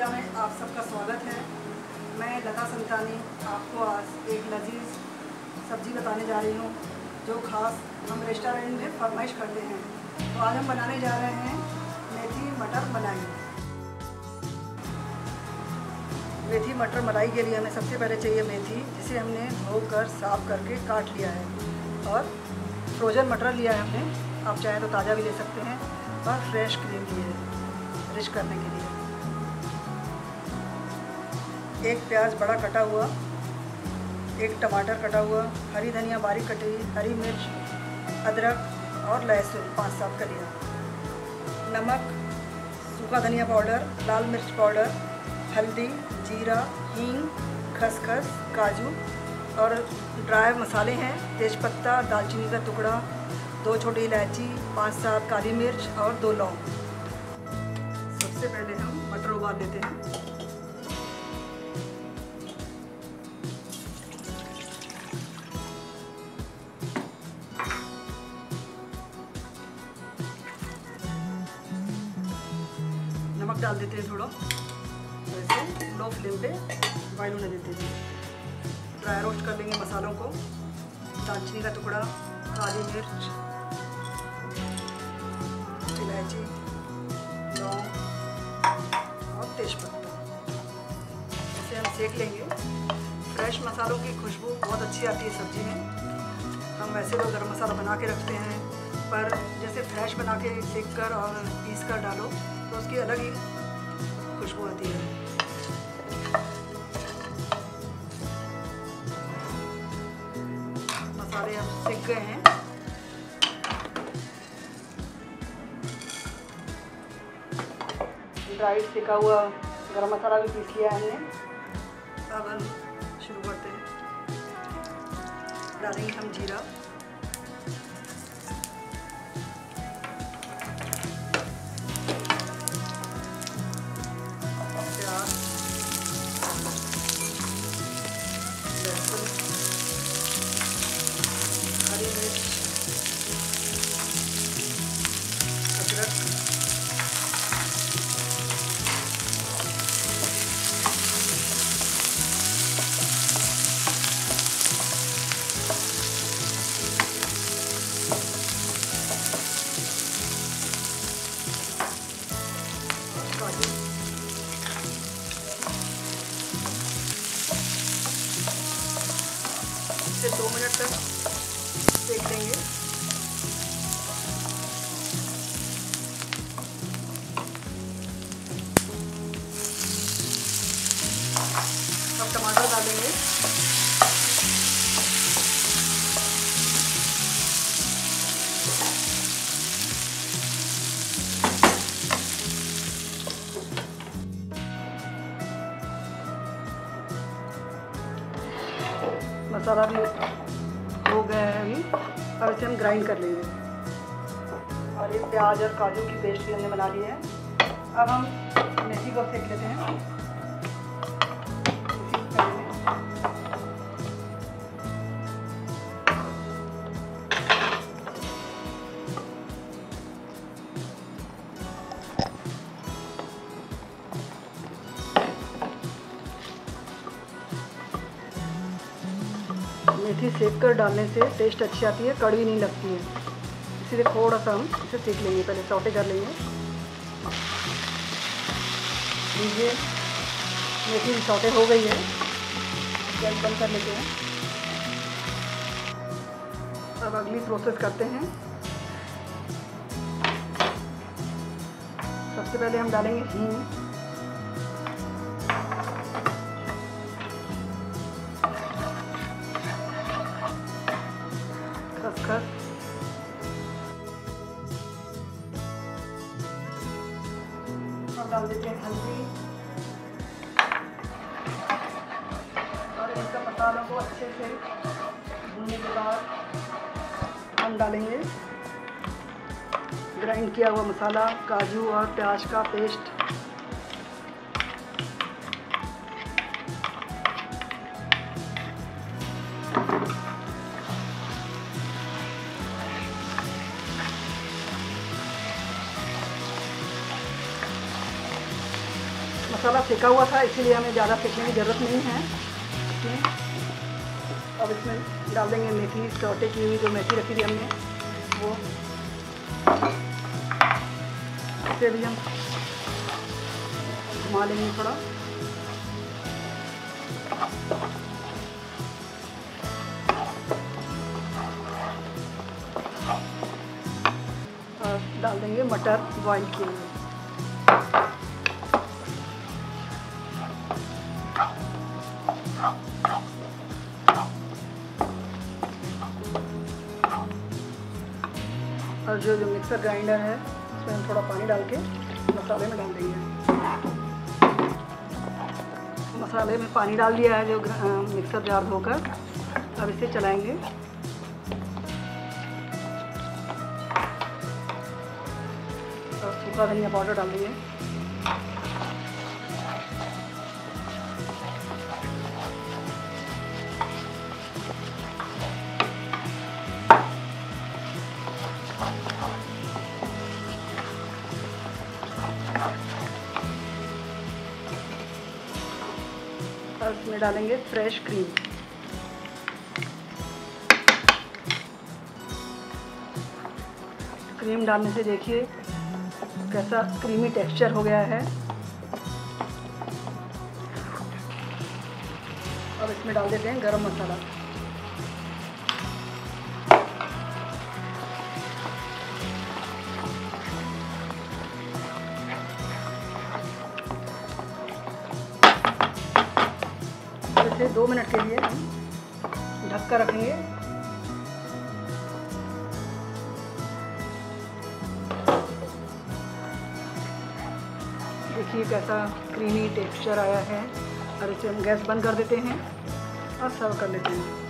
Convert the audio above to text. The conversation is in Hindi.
पूजा में आप सबका स्वागत है मैं लता संतानी आपको आज एक लजीज सब्जी बताने जा रही हूँ जो खास हम रेस्टोरेंट में फरमाइश करते हैं तो आज हम बनाने जा रहे हैं मेथी मटर मलाई मेथी मटर मलाई के लिए हमें सबसे पहले चाहिए मेथी जिसे हमने धोकर साफ करके काट लिया है और फ्रोजन मटर लिया है हमने आप चाहें तो ताज़ा भी ले सकते हैं और फ्रेश क्रीम लिए रिश करने के लिए एक प्याज बड़ा कटा हुआ एक टमाटर कटा हुआ हरी धनिया बारीक कटी हुई हरी मिर्च अदरक और लहसुन पाँच सात कलियाँ नमक सूखा धनिया पाउडर लाल मिर्च पाउडर हल्दी जीरा हींग खसखस काजू और ड्राई मसाले हैं तेज़पत्ता दालचीनी का टुकड़ा दो छोटी इलायची पाँच सात काली मिर्च और दो लौंग सबसे पहले हम मटर उबाल लेते हैं डाल देते हैं थोड़ा वैसे लो फ्लेम पे बॉइल होने देते हैं ड्राई रोस्ट कर लेंगे मसालों को दालचीनी का टुकड़ा काली मिर्च इलायची लौंग और तेज़पत्ता इसे हम सेक लेंगे फ्रेश मसालों की खुशबू बहुत अच्छी आती है सब्ज़ी में हम वैसे तो गर्म मसाला बना के रखते हैं पर जैसे फ्रेश बना के सेक कर और पीस कर डालो तो उसकी अलग ही खुशबू आती है मसाले अब सीख गए हैं ड्राइड सिका हुआ गरम मसाला भी पीस लिया हमने अब हम शुरू करते हैं डालेंगे हम जीरा इसे दो मिनट तक सेक देंगे अब टमाटर डालेंगे मसाला भी हो गया है अभी और इसे हम ग्राइंड कर लेंगे और ये प्याज और काजू की पेस्ट भी हमने बना ली है अब हम मेथी को फेंक लेते हैं मेथी सेक कर डालने से टेस्ट अच्छी आती है कड़वी नहीं लगती है इसीलिए थोड़ा सा हम इसे सेक लेंगे पहले सौटे कर लेंगे लीजिए मेथी सौटे हो गई है गैस बंद कर लेते हैं अब अगली प्रोसेस करते हैं सबसे पहले हम डालेंगे हींग they get hungry और इसका मसाला को अच्छे से भूनने के बाद हम डालेंगे ग्राइंड किया हुआ मसाला काजू और प्याज का पेस्ट मसाला सेका हुआ था इसीलिए हमें ज़्यादा सेकने की ज़रूरत नहीं है अब इसमें डाल देंगे मेथी चौटे की हुई जो मेथी रखी थी हमने वो इसे भी हम घुमा लेंगे थोड़ा और डाल देंगे मटर बॉईल किए हुए जो जो मिक्सर ग्राइंडर है उसमें हम थोड़ा पानी डाल के मसाले में डाल देंगे मसाले में पानी डाल दिया है जो मिक्सर जार होकर अब इसे चलाएंगे और सूखा धनिया पाउडर डाल देंगे और इसमें डालेंगे फ्रेश क्रीम क्रीम डालने से देखिए कैसा क्रीमी टेक्सचर हो गया है अब इसमें डाल देते हैं गरम मसाला मिनट के लिए हम ढक कर रखेंगे देखिए कैसा क्रीमी टेक्सचर आया है और इसे हम गैस बंद कर देते हैं और सर्व कर लेते हैं